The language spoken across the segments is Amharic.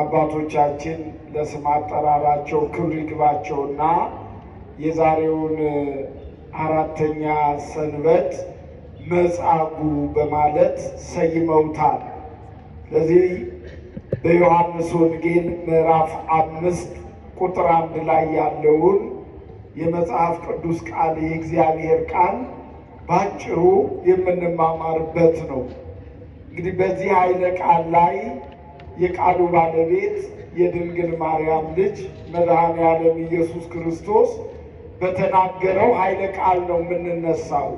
አባቶቻችን ለስም አጠራራቸው ክብር ይግባቸውና የዛሬውን አራተኛ ሰንበት መጻጉዕ በማለት ሰይመውታል። ስለዚህ በዮሐንስ ወንጌል ምዕራፍ አምስት ቁጥር አንድ ላይ ያለውን የመጽሐፍ ቅዱስ ቃል የእግዚአብሔር ቃል ባጭሩ የምንማማርበት ነው። እንግዲህ በዚህ ኃይለ ቃል ላይ የቃሉ ባለቤት የድንግል ማርያም ልጅ መድኃኔ ዓለም ኢየሱስ ክርስቶስ በተናገረው ኃይለ ቃል ነው የምንነሳው።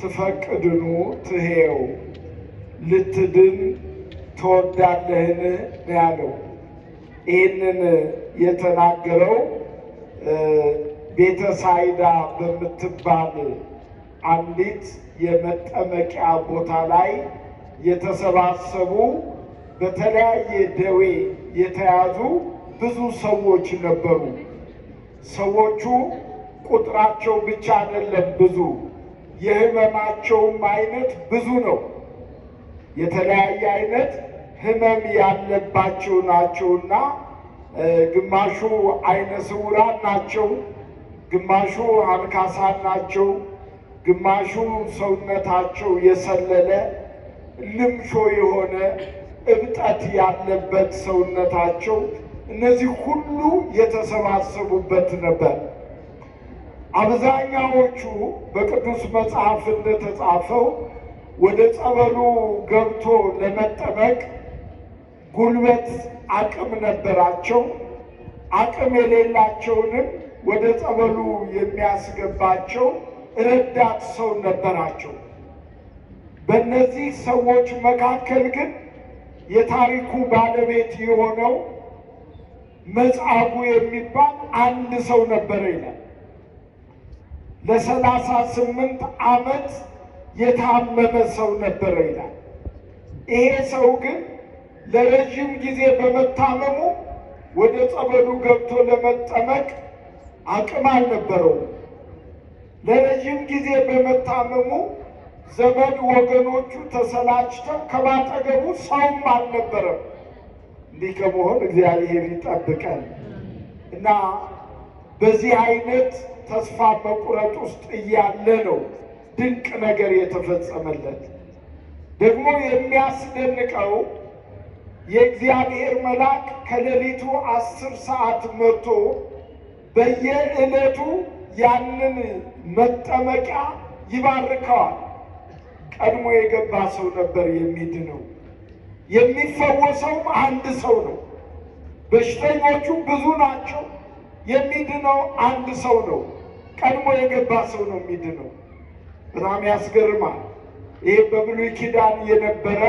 ትፈቅድኑ ትሄው ልትድን ትወዳለህን ያለው ይህንን የተናገረው ቤተ ሳይዳ በምትባል አንዲት የመጠመቂያ ቦታ ላይ የተሰባሰቡ በተለያየ ደዌ የተያዙ ብዙ ሰዎች ነበሩ። ሰዎቹ ቁጥራቸው ብቻ አይደለም ብዙ፣ የህመማቸውም አይነት ብዙ ነው። የተለያየ አይነት ህመም ያለባቸው ናቸውና ግማሹ አይነ ስውራን ናቸው፣ ግማሹ አንካሳን ናቸው፣ ግማሹ ሰውነታቸው የሰለለ ልምሾ የሆነ እብጠት ያለበት ሰውነታቸው እነዚህ ሁሉ የተሰባሰቡበት ነበር። አብዛኛዎቹ በቅዱስ መጽሐፍ እንደተጻፈው ወደ ጸበሉ ገብቶ ለመጠመቅ ጉልበት አቅም ነበራቸው። አቅም የሌላቸውንም ወደ ጸበሉ የሚያስገባቸው ረዳት ሰው ነበራቸው። በእነዚህ ሰዎች መካከል ግን የታሪኩ ባለቤት የሆነው መጽሐፉ የሚባል አንድ ሰው ነበረ ይላል። ለሰላሳ ስምንት ዓመት የታመመ ሰው ነበረ ይላል። ይሄ ሰው ግን ለረዥም ጊዜ በመታመሙ ወደ ጸበሉ ገብቶ ለመጠመቅ አቅም አልነበረውም። ለረዥም ጊዜ በመታመሙ ዘመድ ወገኖቹ ተሰላችተው ከማጠገቡ ሰውም አልነበረም። እንዲህ ከመሆን እግዚአብሔር ይጠብቀን እና በዚህ አይነት ተስፋ መቁረጥ ውስጥ እያለ ነው ድንቅ ነገር የተፈጸመለት። ደግሞ የሚያስደንቀው የእግዚአብሔር መልአክ ከሌሊቱ አስር ሰዓት መጥቶ በየዕለቱ ያንን መጠመቂያ ይባርከዋል። ቀድሞ የገባ ሰው ነበር የሚድነው። የሚፈወሰውም አንድ ሰው ነው። በሽተኞቹ ብዙ ናቸው። የሚድነው አንድ ሰው ነው። ቀድሞ የገባ ሰው ነው የሚድነው። በጣም ያስገርማል። ይህ በብሉይ ኪዳን የነበረ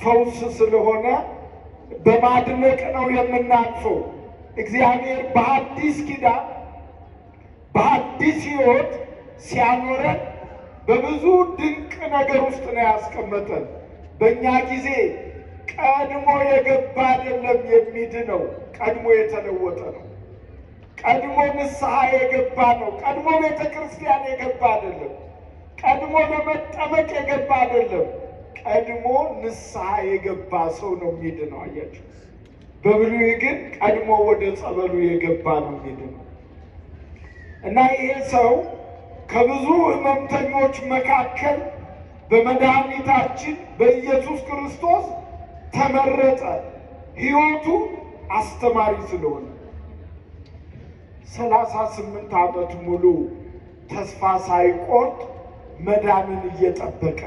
ፈውስ ስለሆነ በማድነቅ ነው የምናቅፈው። እግዚአብሔር በአዲስ ኪዳን በአዲስ ሕይወት ሲያኖረን በብዙ ድንቅ ነገር ውስጥ ነው ያስቀመጠን። በእኛ ጊዜ ቀድሞ የገባ አይደለም ነው፣ ቀድሞ የተለወጠ ነው። ቀድሞ ንስሐ የገባ ነው። ቀድሞ ቤተ ክርስቲያን የገባ አይደለም። ቀድሞ ለመጠመቅ የገባ አይደለም። ቀድሞ ንስሐ የገባ ሰው ነው ነው። አያችሁ፣ በብሉይ ግን ቀድሞ ወደ ጸበሉ የገባ ነው ነው እና ይሄ ሰው ከብዙ ህመምተኞች መካከል በመድኃኒታችን በኢየሱስ ክርስቶስ ተመረጠ። ሕይወቱ አስተማሪ ስለሆነ ሰላሳ ስምንት ዓመት ሙሉ ተስፋ ሳይቆርጥ መዳንን እየጠበቀ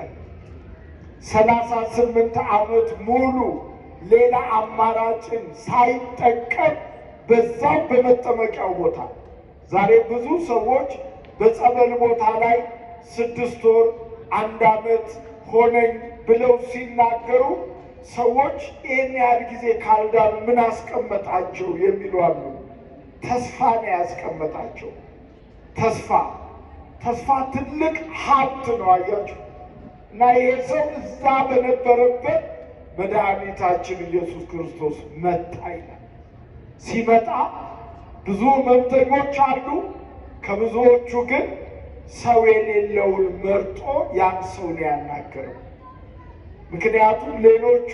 ሰላሳ ስምንት ዓመት ሙሉ ሌላ አማራጭን ሳይጠቀም በዛም በመጠመቂያው ቦታ ዛሬ ብዙ ሰዎች በጸበል ቦታ ላይ ስድስት ወር አንድ ዓመት ሆነኝ ብለው ሲናገሩ ሰዎች ይህን ያህል ጊዜ ካልዳኑ ምን አስቀመጣቸው የሚሉ አሉ። ተስፋ ነው ያስቀመጣቸው። ተስፋ ተስፋ ትልቅ ሀብት ነው። አያችሁ እና ይሄ ሰው እዛ በነበረበት መድኃኒታችን ኢየሱስ ክርስቶስ መጣ ይላል። ሲመጣ ብዙ ሕመምተኞች አሉ። ከብዙዎቹ ግን ሰው የሌለውን መርጦ ያን ሰው ነው ያናገረው። ምክንያቱም ሌሎቹ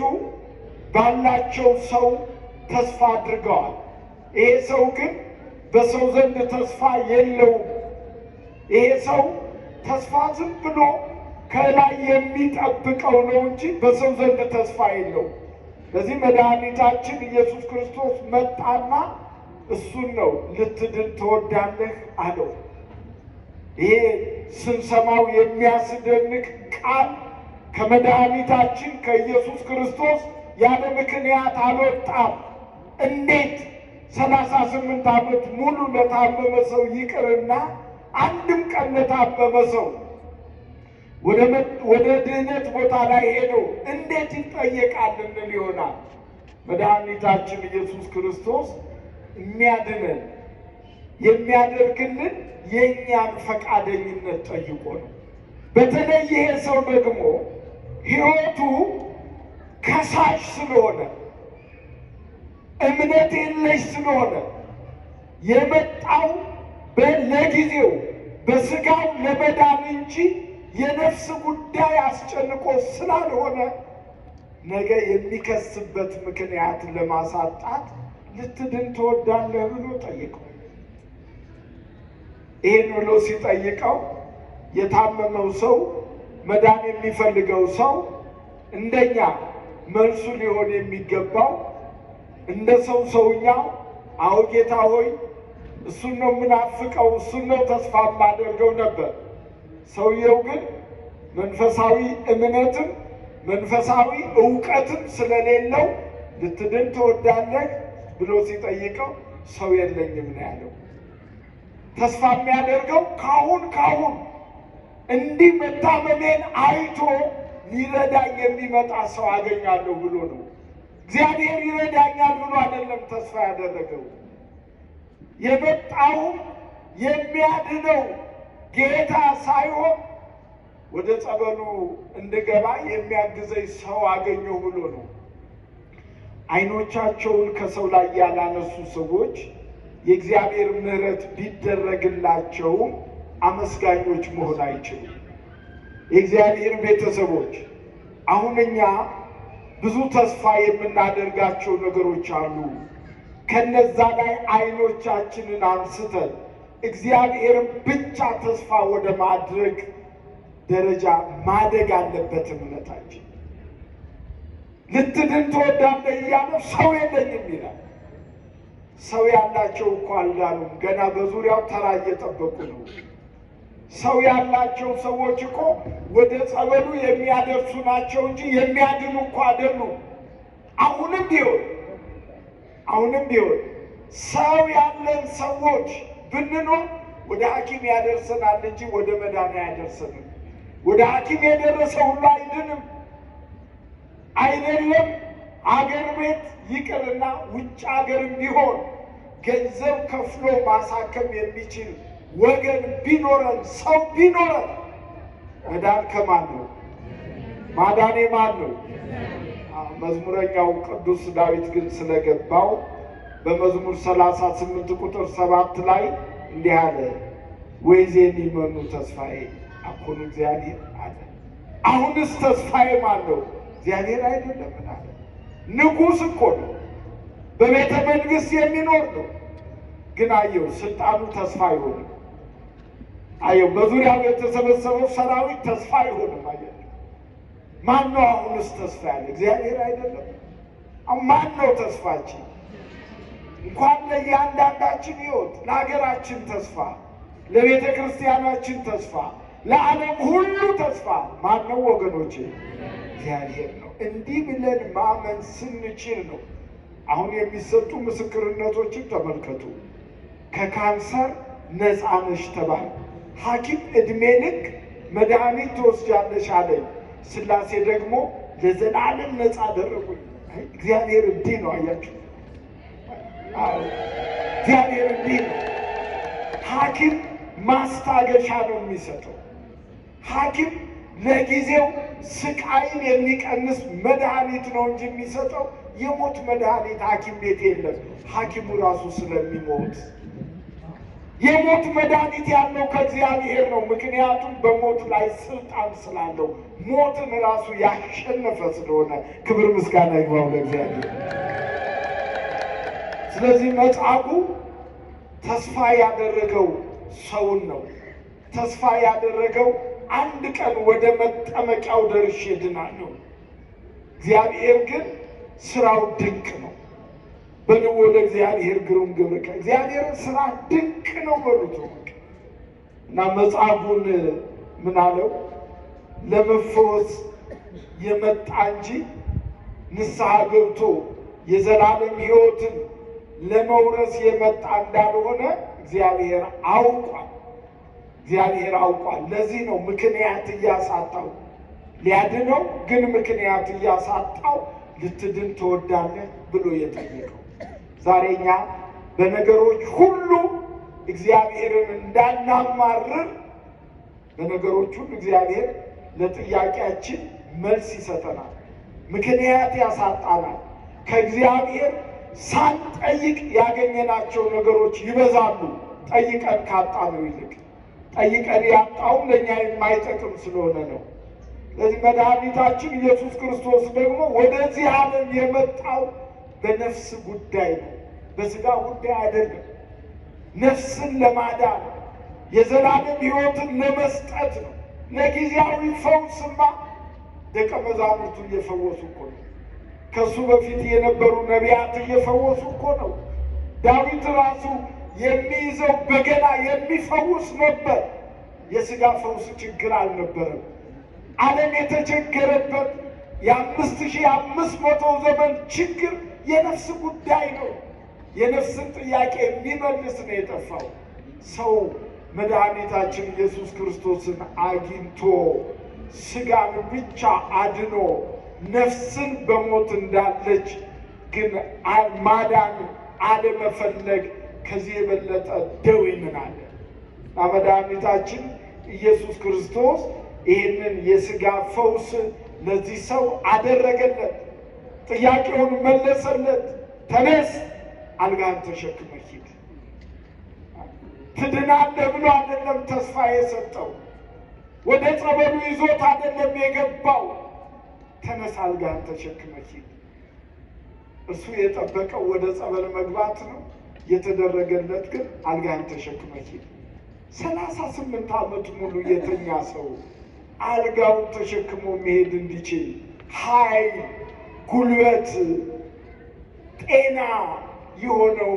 ባላቸው ሰው ተስፋ አድርገዋል። ይሄ ሰው ግን በሰው ዘንድ ተስፋ የለውም። ይሄ ሰው ተስፋ ዝም ብሎ ከላይ የሚጠብቀው ነው እንጂ በሰው ዘንድ ተስፋ የለውም። በዚህ መድኃኒታችን ኢየሱስ ክርስቶስ መጣና እሱን ነው ልትድን ትወዳለህ አለው። ይሄ ስንሰማው የሚያስደንቅ ቃል ከመድኃኒታችን ከኢየሱስ ክርስቶስ ያለ ምክንያት አልወጣም። እንዴት ሰላሳ ስምንት ዓመት ሙሉ ለታመመ ሰው ይቅርና አንድም ቀን ለታመመ ሰው ወደ ድህነት ቦታ ላይ ሄዶ እንዴት ይጠየቃል እንል ይሆናል። መድኃኒታችን ኢየሱስ ክርስቶስ የሚያድነን የሚያደርግልን የእኛን ፈቃደኝነት ጠይቆ ነው። በተለይ ይሄ ሰው ደግሞ ህይወቱ ከሳሽ ስለሆነ እምነት የለሽ ስለሆነ የመጣው ለጊዜው በስጋው ለመዳን እንጂ የነፍስ ጉዳይ አስጨንቆ ስላልሆነ ነገ የሚከስበት ምክንያት ለማሳጣት ልትድን ትወዳለህ ብሎ ጠይቀው። ይህን ብሎ ሲጠይቀው የታመመው ሰው መዳን የሚፈልገው ሰው እንደኛ መልሱ ሊሆን የሚገባው እንደ ሰው ሰውኛው አዎ ጌታ ሆይ እሱን ነው የምናፍቀው፣ እሱን ነው ተስፋ የማደርገው ነበር። ሰውየው ግን መንፈሳዊ እምነትም መንፈሳዊ እውቀትም ስለሌለው ልትድን ትወዳለህ ብሎ ሲጠይቀው ሰው የለኝም ነው ያለው። ተስፋ የሚያደርገው ካሁን ካሁን እንዲህ መታመሜን አይቶ ሊረዳኝ የሚመጣ ሰው አገኛለሁ ብሎ ነው። እግዚአብሔር ይረዳኛል ብሎ አይደለም ተስፋ ያደረገው። የመጣውም የሚያድነው ጌታ ሳይሆን ወደ ጸበሉ እንድገባ የሚያግዘኝ ሰው አገኘሁ ብሎ ነው። አይኖቻቸውን ከሰው ላይ ያላነሱ ሰዎች የእግዚአብሔር ምሕረት ቢደረግላቸውም አመስጋኞች መሆን አይችሉም። የእግዚአብሔር ቤተሰቦች አሁን እኛ ብዙ ተስፋ የምናደርጋቸው ነገሮች አሉ። ከነዛ ላይ አይኖቻችንን አንስተን እግዚአብሔርን ብቻ ተስፋ ወደ ማድረግ ደረጃ ማደግ አለበት እምነታችን። ልትድን ትወዳለህ እያለ ሰው የለኝም ይላል። ሰው ያላቸው እኮ አልዳኑም። ገና በዙሪያው ተራ እየጠበቁ ነው። ሰው ያላቸው ሰዎች እኮ ወደ ጸበሉ የሚያደርሱ ናቸው እንጂ የሚያድኑ እኮ አይደሉም። አሁንም ቢሆን አሁንም ቢሆን ሰው ያለን ሰዎች ብንኖር ወደ ሐኪም ያደርሰናል እንጂ ወደ መዳን አያደርሰንም። ወደ ሐኪም የደረሰ ሁሉ አይድንም። አይደለም አገር ቤት ይቅርና ውጭ አገርም ቢሆን ገንዘብ ከፍሎ ማሳከም የሚችል ወገን ቢኖረን ሰው ቢኖረን መዳን ከማን ነው ማዳኔ ማን ነው? መዝሙረኛው ቅዱስ ዳዊት ግን ስለገባው በመዝሙር 38 ቁጥር 7 ላይ እንዲህ አለ፣ ወይዜን ይመኑ ተስፋዬ አኮኑ እግዚአብሔር አለ። አሁንስ ተስፋዬ ማን ነው? እግዚአብሔር አይደለምና ንጉሥ እኮ ነው፣ በቤተ መንግስት የሚኖር ነው። ግን አየው ስልጣኑ ተስፋ አይሆንም። አየው በዙሪያው የተሰበሰበው ሰራዊት ተስፋ አይሆንም። አየው ማን ነው አሁንስ ተስፋ ያለ? እግዚአብሔር አይደለም? ማን ነው ተስፋችን? እንኳን ለእያንዳንዳችን ህይወት ለሀገራችን ተስፋ ለቤተ ክርስቲያናችን ተስፋ ለዓለም ሁሉ ተስፋ ማነው ወገኖች? እግዚአብሔር ነው። እንዲህ ብለን ማመን ስንችል ነው። አሁን የሚሰጡ ምስክርነቶችን ተመልከቱ። ከካንሰር ነፃ ነሽ ተባለ። ሐኪም እድሜ ልክ መድኃኒት ትወስጃለሽ አለኝ። ስላሴ ደግሞ ለዘላለም ነፃ አደረጉኝ። እግዚአብሔር እንዲህ ነው። አያችሁ፣ እግዚአብሔር እንዲህ ነው። ሐኪም ማስታገሻ ነው የሚሰጠው ሐኪም ለጊዜው ስቃይን የሚቀንስ መድኃኒት ነው እንጂ የሚሰጠው የሞት መድኃኒት ሐኪም ቤት የለም። ሐኪሙ ራሱ ስለሚሞት የሞት መድኃኒት ያለው ከእግዚአብሔር ነው። ምክንያቱም በሞት ላይ ስልጣን ስላለው ሞትን ራሱ ያሸነፈ ስለሆነ ክብር ምስጋና ይግባው ለእግዚአብሔር። ስለዚህ መጽሐፉ ተስፋ ያደረገው ሰውን ነው። ተስፋ ያደረገው አንድ ቀን ወደ መጠመቂያው ደርሼ ድናለሁ። እግዚአብሔር ግን ስራው ድንቅ ነው። ወደ እግዚአብሔር ግሩም ግብርከ እግዚአብሔርን ስራ ድንቅ ነው በሉት እና መጽሐፉን ምን አለው? ለመፈወስ የመጣ እንጂ ንስሐ ገብቶ የዘላለም ሕይወትን ለመውረስ የመጣ እንዳልሆነ እግዚአብሔር አውቋል። እግዚአብሔር አውቋል። ለዚህ ነው ምክንያት እያሳጣው ሊያድነው፣ ግን ምክንያት እያሳጣው ልትድን ትወዳለህ ብሎ የጠየቀው። ዛሬ እኛ በነገሮች ሁሉ እግዚአብሔርን እንዳናማርር፣ በነገሮች ሁሉ እግዚአብሔር ለጥያቄያችን መልስ ይሰጠናል። ምክንያት ያሳጣናል። ከእግዚአብሔር ሳንጠይቅ ያገኘናቸው ነገሮች ይበዛሉ፣ ጠይቀን ካጣነው ይልቅ ጠይቀን ያጣውም ለእኛ የማይጠቅም ስለሆነ ነው። ስለዚህ መድኃኒታችን ኢየሱስ ክርስቶስ ደግሞ ወደዚህ ዓለም የመጣው በነፍስ ጉዳይ ነው፣ በስጋ ጉዳይ አይደለም። ነፍስን ለማዳን የዘላለም ሕይወትን ለመስጠት ነው። ለጊዜያዊ ፈውስማ ደቀ መዛሙርቱ እየፈወሱ እኮ ነው። ከእሱ በፊት የነበሩ ነቢያት እየፈወሱ እኮ ነው። ዳዊት ራሱ የሚይዘው በገና የሚፈውስ ነበር። የስጋ ፈውስ ችግር አልነበረም። ዓለም የተቸገረበት የአምስት ሺህ አምስት መቶ ዘመን ችግር የነፍስ ጉዳይ ነው። የነፍስን ጥያቄ የሚመልስ ነው የጠፋው ሰው። መድኃኒታችን ኢየሱስ ክርስቶስን አግኝቶ ስጋን ብቻ አድኖ ነፍስን በሞት እንዳለች ግን ማዳን አለመፈለግ ከዚህ የበለጠ ደዌ ምን አለ? መድኃኒታችን ኢየሱስ ክርስቶስ ይህንን የስጋ ፈውስ ለዚህ ሰው አደረገለት። ጥያቄውን መለሰለት። ተነስ፣ አልጋን ተሸክመ ሂድ። ትድናለህ ብሎ አይደለም ተስፋ የሰጠው፣ ወደ ጸበሉ ይዞት አይደለም የገባው። ተነስ፣ አልጋን ተሸክመ ሂድ። እሱ የጠበቀው ወደ ጸበል መግባት ነው። የተደረገለት ግን አልጋን ተሸክመ ሄደ። ሰላሳ ስምንት ዓመት ሙሉ የተኛ ሰው አልጋውን ተሸክሞ መሄድ እንዲችል ኃይል፣ ጉልበት፣ ጤና የሆነው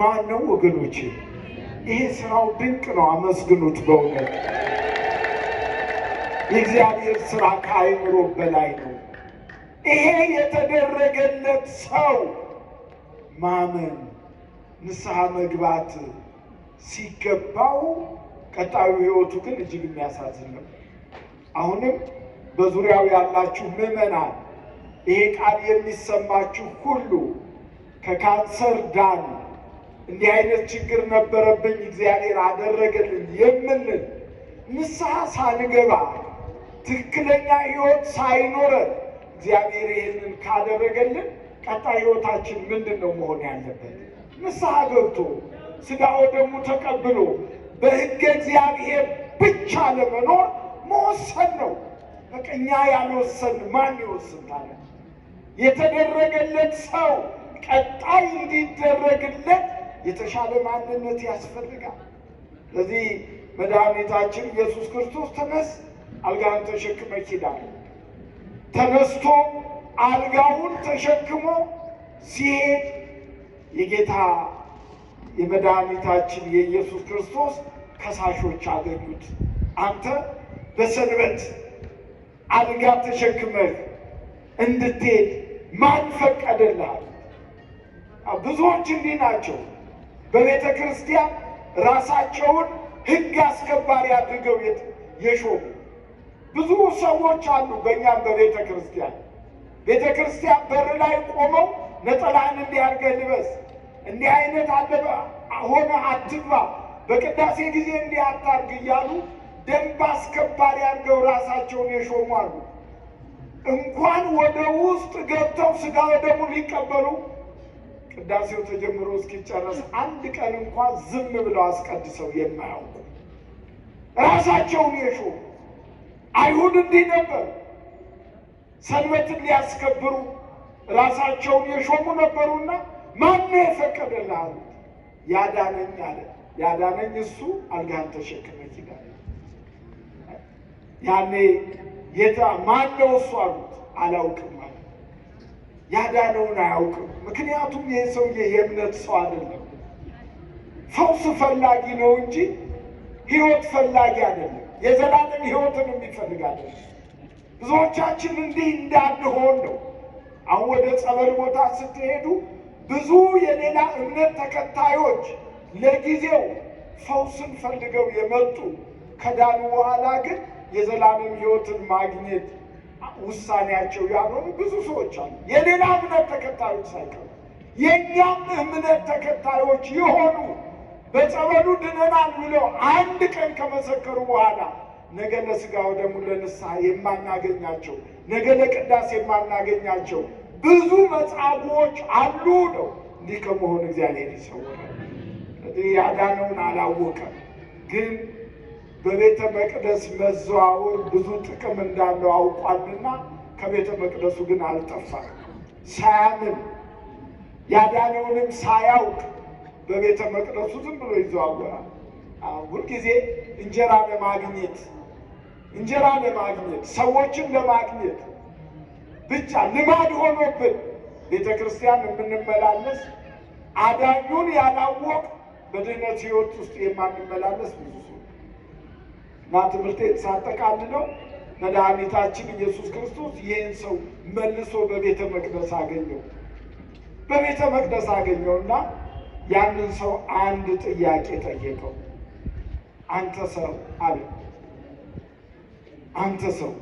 ማን ነው ወገኖች? ይሄ ስራው ድንቅ ነው። አመስግኑት። በእውነት የእግዚአብሔር ስራ ከአይምሮ በላይ ነው። ይሄ የተደረገለት ሰው ማመን ንስሐ መግባት ሲገባው ቀጣዩ ህይወቱ ግን እጅግ የሚያሳዝን ነው። አሁንም በዙሪያው ያላችሁ ምዕመናን ይሄ ቃል የሚሰማችሁ ሁሉ ከካንሰር ዳን፣ እንዲህ አይነት ችግር ነበረብኝ እግዚአብሔር አደረገልኝ የምንል ንስሐ ሳንገባ ትክክለኛ ህይወት ሳይኖረን እግዚአብሔር ይህንን ካደረገልን ቀጣይ ህይወታችን ምንድን ነው መሆን ያለበት? ንስሐ ገብቶ ሥጋ ወደሙ ተቀብሎ በህገ እግዚአብሔር ብቻ ለመኖር መወሰን ነው። በቀኛ ያልወሰን ማን ይወስን ታዲያ? የተደረገለት ሰው ቀጣይ እንዲደረግለት የተሻለ ማንነት ያስፈልጋል። ስለዚህ መድኃኒታችን ኢየሱስ ክርስቶስ ተነስ አልጋን ተሸክመ ይሄዳል። ተነስቶ አልጋውን ተሸክሞ ሲሄድ የጌታ የመድኃኒታችን የኢየሱስ ክርስቶስ ከሳሾች አገኙት። አንተ በሰንበት አልጋ ተሸክመህ እንድትሄድ ማን ፈቀደልሃል? ብዙዎች እንዲህ ናቸው። በቤተ ክርስቲያን ራሳቸውን ሕግ አስከባሪ አድርገው የሾሙ ብዙ ሰዎች አሉ። በእኛም በቤተ ክርስቲያን ቤተ ክርስቲያን በር ላይ ቆመው ነጠላህን እንዲህ አድርገህ ልበስ፣ እንዲህ አይነት አለበ ሆነ አትግባ፣ በቅዳሴ ጊዜ እንዲህ አታርግ እያሉ ደንብ አስከባሪ አድርገው ራሳቸውን የሾሙ አሉ። እንኳን ወደ ውስጥ ገብተው ስጋ ወደሙ ሊቀበሉ ቅዳሴው ተጀምሮ እስኪጨረስ አንድ ቀን እንኳን ዝም ብለው አስቀድሰው የማያውቁ ራሳቸውን የሾሙ አይሁድ እንዲህ ነበር። ሰንበትን ሊያስከብሩ ራሳቸውን የሾሙ ነበሩና ማን የፈቀደልህ አሉት። ያዳነኝ አለ። ያዳነኝ እሱ አልጋን ተሸክመ ይላል። ያኔ ማን ማነው እሱ አሉት። አላውቅም አለ። ያዳነውን አያውቅም። ምክንያቱም ይህ ሰውዬ የእምነት ሰው አይደለም። ፈውስ ፈላጊ ነው እንጂ ህይወት ፈላጊ አይደለም። የዘላለም ህይወትን የሚፈልግ አይደለም። ብዙዎቻችን እንዲህ እንዳንሆን ነው አሁን ወደ ጸበል ቦታ ስትሄዱ ብዙ የሌላ እምነት ተከታዮች ለጊዜው ፈውስን ፈልገው የመጡ ከዳኑ በኋላ ግን የዘላለም ሕይወትን ማግኘት ውሳኔያቸው ያልሆኑ ብዙ ሰዎች አሉ። የሌላ እምነት ተከታዮች ሳይቀሩ የእኛም እምነት ተከታዮች የሆኑ በጸበሉ ድነናል ብለው አንድ ቀን ከመሰከሩ በኋላ ነገ ለሥጋው ደሙ ለንስሐ የማናገኛቸው ነገ ለቅዳሴ የማናገኛቸው ብዙ መጻጉዎች አሉ ነው። እንዲህ ከመሆን እግዚአብሔር ይሰውራል። ያዳነውን አላወቀም፣ ግን በቤተ መቅደስ መዘዋወር ብዙ ጥቅም እንዳለው አውቋልና ከቤተ መቅደሱ ግን አልጠፋም። ሳያምን ያዳነውንም ሳያውቅ በቤተ መቅደሱ ዝም ብሎ ይዘዋወራል። ሁልጊዜ እንጀራ ለማግኘት እንጀራ ለማግኘት ሰዎችን ለማግኘት ብቻ ልማድ ሆኖብን ቤተ ክርስቲያን የምንመላለስ አዳኙን ያላወቅ በድህነት ሕይወት ውስጥ የማንመላለስ ብዙ ሰው እና ትምህርት ሳጠቃልለው መድኃኒታችን ኢየሱስ ክርስቶስ ይህን ሰው መልሶ በቤተ መቅደስ አገኘው። በቤተ መቅደስ እና ያንን ሰው አንድ ጥያቄ ጠየቀው። አንተ ሰው አለ አንተ ሰው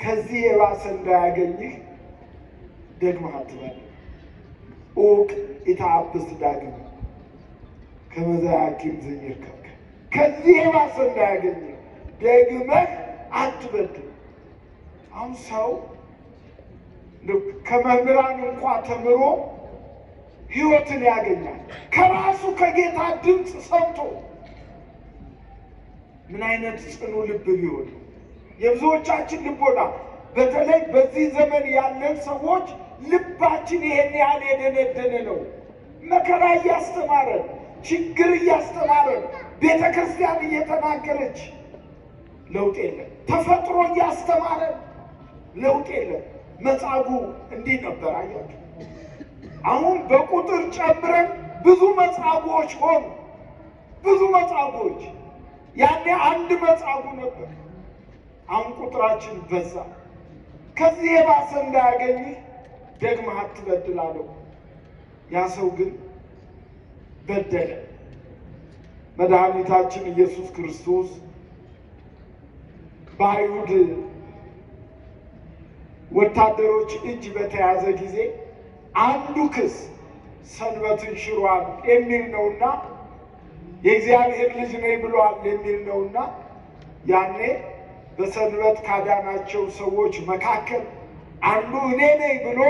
ከዚህ የባሰ እንዳያገኝህ ደግመህ አትበል። እውቅ ኢታብስ ዳግም ከመዛያኪም ያኪም ዘኢይርከብከ፣ ከዚህ የባሰ እንዳያገኝህ ደግመህ አትበድ። አሁን ሰው ከመምህራን እንኳ ተምሮ ህይወትን ያገኛል። ከራሱ ከጌታ ድምፅ ሰምቶ ምን አይነት ጽኑ ልብ ቢሆን የብዙዎቻችን ልቦና በተለይ በዚህ ዘመን ያለን ሰዎች ልባችን ይሄን ያህል የደነደነ ነው። መከራ እያስተማረን፣ ችግር እያስተማረን፣ ቤተ ክርስቲያን እየተናገረች ለውጥ የለም። ተፈጥሮ እያስተማረን ለውጥ የለም። መጻጉዕ እንዲህ ነበር። አያችሁ፣ አሁን በቁጥር ጨምረን ብዙ መጻጉዎች ሆኑ። ብዙ መጻጉዎች፣ ያኔ አንድ መጻጉዕ ነበር። አሁን ቁጥራችን በዛ። ከዚህ የባሰ እንዳያገኝህ ደግመህ አትበድል አለው። ያ ሰው ግን በደለ። መድኃኒታችን ኢየሱስ ክርስቶስ በአይሁድ ወታደሮች እጅ በተያዘ ጊዜ አንዱ ክስ ሰንበትን ሽሯል የሚል ነውና የእግዚአብሔር ልጅ ነኝ ብሏል የሚል ነውና ያኔ በሰንበት ካዳናቸው ሰዎች መካከል አንዱ እኔ ነኝ ብሎ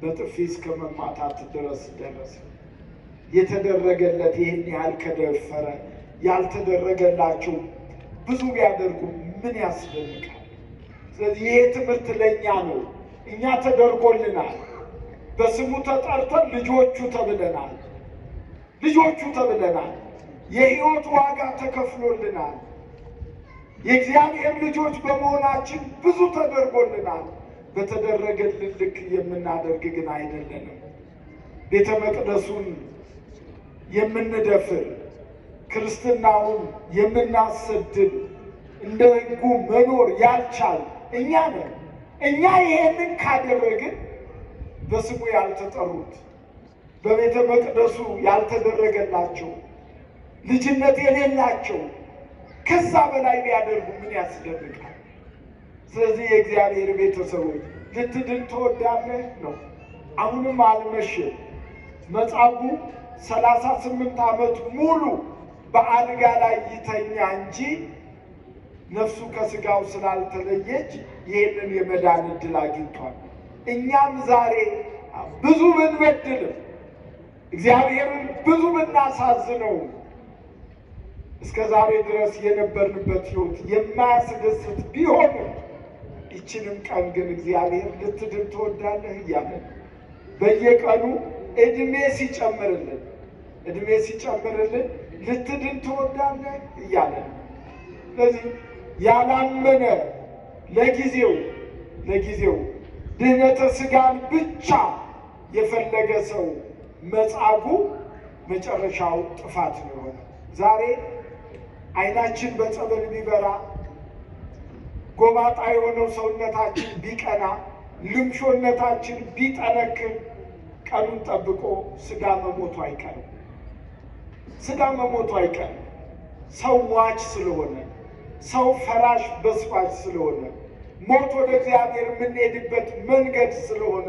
በጥፊ እስከ መማታት ድረስ ደረሰ። የተደረገለት ይህን ያህል ከደፈረ ያልተደረገላቸው ብዙ ቢያደርጉ ምን ያስደንቃል? ስለዚህ ይሄ ትምህርት ለእኛ ነው። እኛ ተደርጎልናል። በስሙ ተጠርተን ልጆቹ ተብለናል። ልጆቹ ተብለናል። የህይወቱ ዋጋ ተከፍሎልናል። የእግዚአብሔር ልጆች በመሆናችን ብዙ ተደርጎልናል። በተደረገልን ልክ የምናደርግ ግን አይደለንም። ቤተ መቅደሱን የምንደፍር፣ ክርስትናውን የምናሰድብ፣ እንደ ሕጉ መኖር ያልቻል እኛ ነን። እኛ ይሄንን ካደረግን በስሙ ያልተጠሩት በቤተ መቅደሱ ያልተደረገላቸው ልጅነት የሌላቸው ከዛ በላይ ቢያደርጉ ምን ያስደንቃል? ስለዚህ የእግዚአብሔር ቤተሰቦች ልትድን ትወዳለህ ነው። አሁንም አልመሸ። መጻጉዕ ሰላሳ ስምንት ዓመት ሙሉ በአልጋ ላይ ይተኛ እንጂ ነፍሱ ከስጋው ስላልተለየች ይህንን የመዳን እድል አግኝቷል። እኛም ዛሬ ብዙ ብንበድልም እግዚአብሔርን ብዙ ብናሳዝነውም እስከ ዛሬ ድረስ የነበርንበት ህይወት የማያስደስት ቢሆንም ይችንም ቀን ግን እግዚአብሔር ልትድን ትወዳለህ እያለ በየቀኑ እድሜ ሲጨምርልን እድሜ ሲጨምርልን ልትድን ትወዳለህ እያለ ስለዚህ ያላመነ ለጊዜው ለጊዜው ድህነተ ስጋን ብቻ የፈለገ ሰው መጻጉ መጨረሻው ጥፋት ነው። ዛሬ አይናችን በጸበል ቢበራ ጎባጣ የሆነው ሰውነታችን ቢቀና ልምሾነታችን ቢጠነክር ቀኑን ጠብቆ ስጋ መሞቱ አይቀርም። ስጋ መሞቱ አይቀርም። ሰው ሟች ስለሆነ፣ ሰው ፈራሽ በስፋች ስለሆነ፣ ሞት ወደ እግዚአብሔር የምንሄድበት መንገድ ስለሆነ፣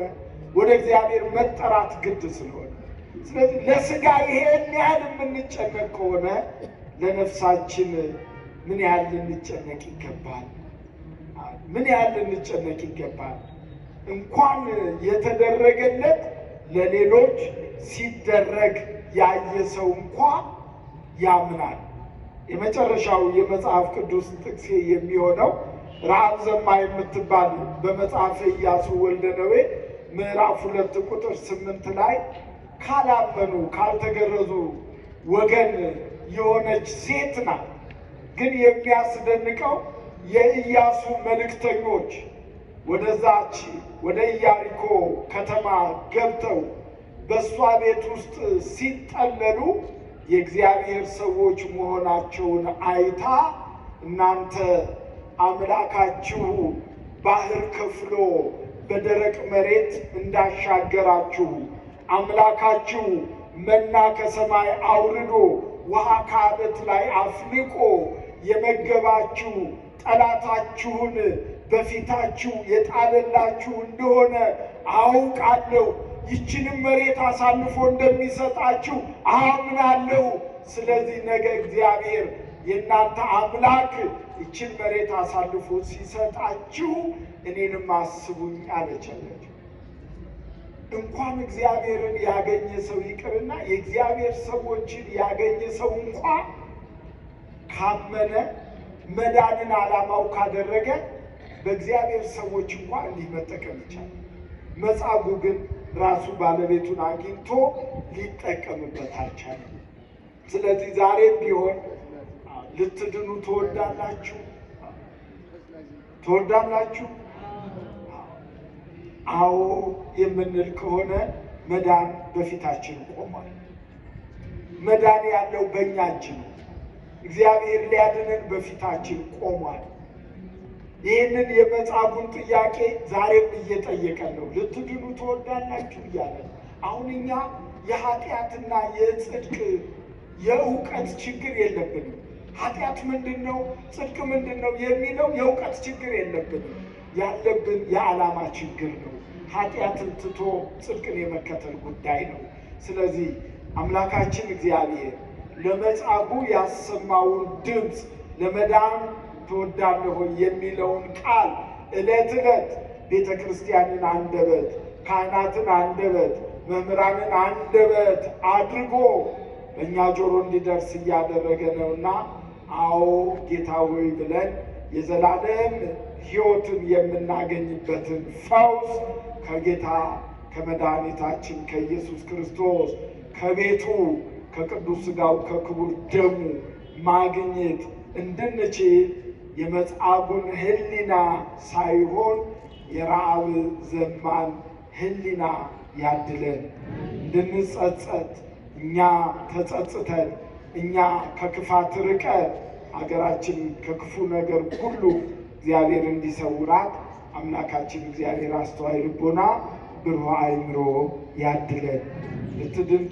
ወደ እግዚአብሔር መጠራት ግድ ስለሆነ፣ ስለዚህ ለስጋ ይሄን ያህል የምንጨነቅ ከሆነ ለነፍሳችን ምን ያህል ልንጨነቅ ይገባል? ምን ያህል ልንጨነቅ ይገባል? እንኳን የተደረገለት ለሌሎች ሲደረግ ያየ ሰው እንኳ ያምናል። የመጨረሻው የመጽሐፍ ቅዱስ ጥቅሴ የሚሆነው ረሃብ ዘማ የምትባል በመጽሐፈ ኢያሱ ወልደ ነዌ ምዕራፍ ሁለት ቁጥር ስምንት ላይ ካላመኑ ካልተገረዙ ወገን የሆነች ሴት ናት። ግን የሚያስደንቀው የኢያሱ መልእክተኞች ወደዛች ወደ ኢያሪኮ ከተማ ገብተው በእሷ ቤት ውስጥ ሲጠለሉ የእግዚአብሔር ሰዎች መሆናቸውን አይታ እናንተ አምላካችሁ ባህር ከፍሎ በደረቅ መሬት እንዳሻገራችሁ አምላካችሁ መና ከሰማይ አውርዶ ውሃ ከአለት ላይ አፍልቆ የመገባችሁ ጠላታችሁን በፊታችሁ የጣለላችሁ እንደሆነ አውቃለሁ። ይችንም መሬት አሳልፎ እንደሚሰጣችሁ አምናለሁ። ስለዚህ ነገ እግዚአብሔር የእናንተ አምላክ ይችን መሬት አሳልፎ ሲሰጣችሁ እኔንም አስቡኝ አለቻለች። እንኳን እግዚአብሔርን ያገኘ ሰው ይቅርና የእግዚአብሔር ሰዎችን ያገኘ ሰው እንኳን ካመነ መዳንን ዓላማው ካደረገ በእግዚአብሔር ሰዎች እንኳን ሊመጠቀም ይቻላል። መጻጉ ግን ራሱ ባለቤቱን አግኝቶ ሊጠቀምበት አልቻለም። ስለዚህ ዛሬም ቢሆን ልትድኑ ትወዳላችሁ ትወዳላችሁ አዎ የምንል ከሆነ መዳን በፊታችን ቆሟል። መዳን ያለው በእኛ እጅ ነው። እግዚአብሔር ሊያድንን በፊታችን ቆሟል። ይህንን የመጽሐፉን ጥያቄ ዛሬም እየጠየቀን ነው። ልትድኑ ትወዳላችሁ እያለ አሁን እኛ የኃጢአትና የጽድቅ የእውቀት ችግር የለብንም። ኃጢአት ምንድን ነው፣ ጽድቅ ምንድን ነው የሚለው የእውቀት ችግር የለብንም። ያለብን የዓላማ ችግር ነው። ኃጢአትን ትቶ ጽድቅን የመከተል ጉዳይ ነው። ስለዚህ አምላካችን እግዚአብሔር ለመጻጉ ያሰማውን ድምፅ ለመዳን ትወዳለሆ የሚለውን ቃል ዕለት ዕለት ቤተ ክርስቲያንን አንደበት፣ ካህናትን አንደበት፣ መምህራንን አንደበት አድርጎ በእኛ ጆሮ እንዲደርስ እያደረገ ነውና አዎ ጌታ ሆይ ብለን የዘላለም ሕይወትን የምናገኝበትን ፈውስ ከጌታ ከመድኃኒታችን ከኢየሱስ ክርስቶስ ከቤቱ ከቅዱስ ሥጋው ከክቡር ደሙ ማግኘት እንድንችል የመጻጉዕን ሕሊና ሳይሆን የረዓብ ዘማን ሕሊና ያድለን። እንድንጸጸት እኛ ተጸጽተን እኛ ከክፋት ርቀን አገራችን ከክፉ ነገር ሁሉ እግዚአብሔር እንዲሰውራት አምላካችን እግዚአብሔር አስተዋይ ልቦና ብሩህ አይምሮ ያድለን። ልትድን